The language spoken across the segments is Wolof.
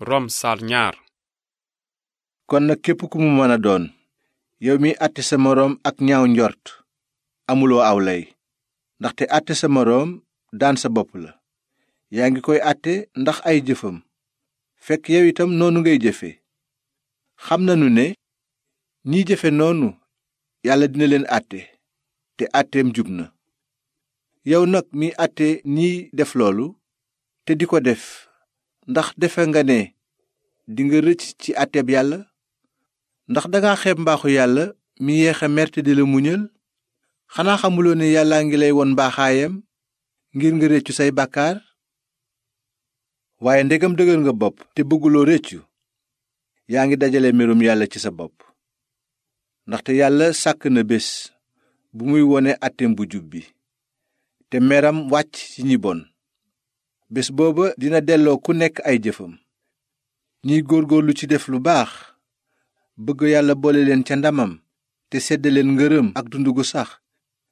rom saar ñaar kon nag képp ku mu mën a doon yow mi àtte sa moroom ak ñaaw njort amuloo aw lay ndaxte àtte sa moroom daan sa bopp la yaa ngi koy àtte ndax ay jëfam fekk yow itam noonu ngay jëfe xam nanu ne ñiy jëfe noonu yàlla dina leen àtte te àtteem jub na yow nag mi àtte ñiy def loolu te di ko def ndax defe nga ne dinga rëcc ci àtteb yàlla ndax danga xeeb mbaaxu yàlla mi yeexe merte di la muñal xanaa xamuloo ne yàllaa ngi lay won mbaaxaayam ngir nga rëccu say bàkkaar waaye ndegam dëgër nga bopp te bëgguloo rëccu yaa ngi dajale merum yàlla ci sa bopp ndaxte yàlla sàkk na bés bu muy wone àtteem bu jub bi te meram wàcc ci ñi bon bés booba dina delloo ku nekk ay jëfam ñiy góorlu ci def lu baax bëgg yàlla boole leen ca ndamam te sedd leen ngërëm ak dund gu sax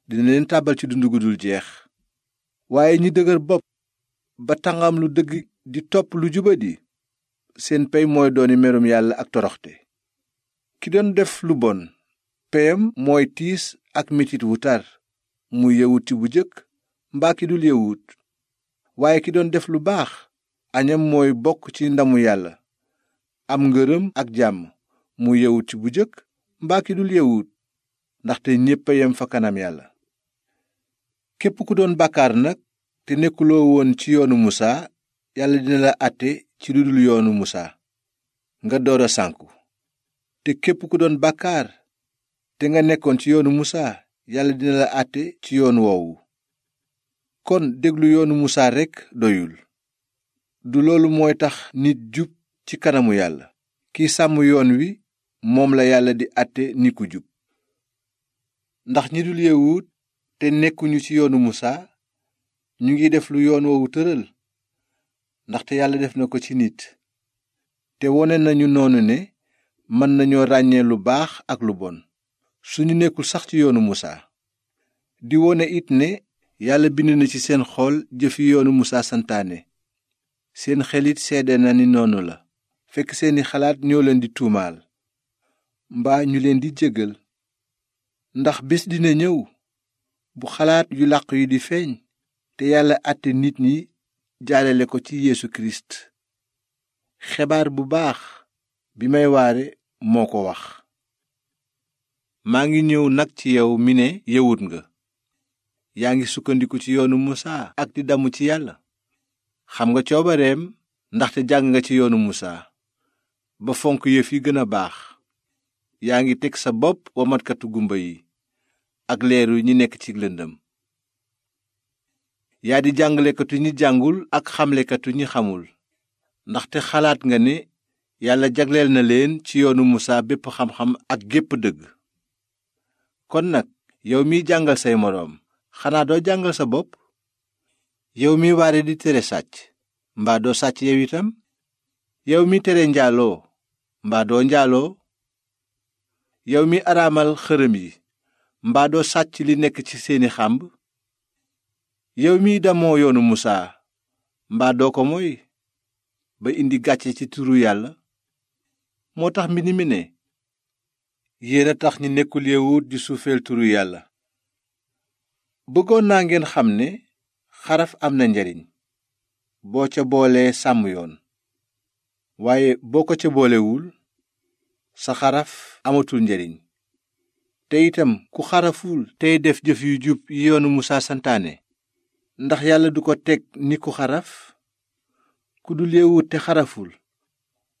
dina leen tàbbal ci dund gu dul jeex waaye ñi dëgër bopp ba tangam lu dëgg di topp lu juba di seen pey mooy dooni merum yàlla ak toroxte ki doon def lu bon peyam mooy tiis ak metit wu tar muy yawut ci bu jëkk mbaa ki dul yawut waaye ki doon def lu baax añam mooy bokk ci ndamu yàlla am ngërëm ak jàmm mu yewut ci bu jëkk mbaa ki dul yewut ndaxte ñépp a yem fa kanam yàlla képp ku doon bàkkaar nag te nekkuloo woon ci yoonu musaa yàlla dina la àtte ci lu yoonu musaa nga doora a sànku te képp ku doon bàkkaar te nga nekkoon ci yoonu musaa yàlla dina la àtte ci yoon woowu kon déglu yoonu musaa rekk doyul du loolu mooy tax nit jub ci kanamu yàlla kiy sàmm yoon wi moom la yàlla di àtte ni jub ndax ñi dul yewuut te nekkuñu ci yoonu musaa ñu ngi def lu yoon woowu tëral ndaxte yàlla def na ko ci nit te wone nañu noonu ne mën nañoo ràññee lu baax ak lu bon suñu nekkul sax ci yoonu musaa di wone it ne yàlla bind na ci seen xool jëf yi yoonu musaa santaane seen xelit seede na ni noonu la fekk seeni xalaat ñoo leen di tuumaal mbaa ñu leen di jégal ndax bés dina ñëw bu xalaat yu làq yi di feeñ te yàlla àtte nit ñi jaalale ko ci yéesu kirist xebaar bu baax bi may waare moo ko wax maa ngi ñëw nag ci yow mi ne yëwut nga yaa ngi sukkandiku ci yoonu musaa ak di damu ci yàlla xam nga coobareem ndaxte jàng nga ci yoonu musaa ba fonk yëf yi gën a baax yaa ngi teg sa bopp wamatkatu gumba yi ak leeru ñi nekk ci lëndëm yaa di jàngalekatu ñi jàngul ak xamlekatu ñi xamul ndaxte xalaat nga ne yàlla jagleel na leen ci yoonu musaa bépp xam-xam ak gépp dëgg kon nag yow miy jàngal say moroom xanaa doo jàngal sa bopp yow mi waare di tere sàcc mbaa doo sàcc yow itam yow mi tere njaaloo mbaa doo njaaloo yow mi araamal xërëm yi mbaa doo sàcc li nekk ci seeni xàmb yow mi damoo yoonu musaa mbaa doo ko moy ba indi gàcce ci turu yàlla moo tax mbind mi ne yéen a tax ñi nekkul yawut di suufeel turu yàlla bëggoon naa ngeen xam ne xaraf am na njariñ boo ca boolee sàmm yoon waaye boo ko ca boolewul sa xaraf amatul njariñ te itam ku xaraful tey def jëf yu jub yi yoonu musaa santaane ndax yàlla du ko teg ni ku xaraf ku dul yewut te xaraful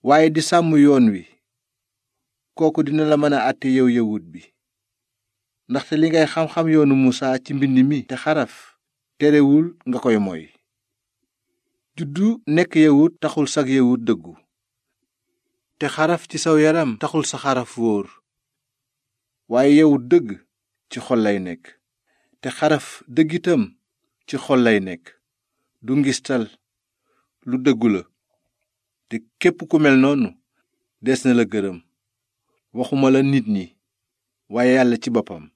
waaye di sàmm yoon wi kooku dina la mën a àtte yow yawut bi ndaxte li ngay xam-xam yoonu Musaa ci mbind mi te xaraf terewul nga koy moy juddu nekk yawut taxul sag yawut dëggu te xaraf ci saw yaram taxul sa xaraf wóor waaye yawut dëgg ci xol lay nekk te xaraf dëgg itam ci xol lay nekk du ngistal lu dëggu la te képp ku mel noonu des na la gërëm waxuma la nit ñi waaye yàlla ci boppam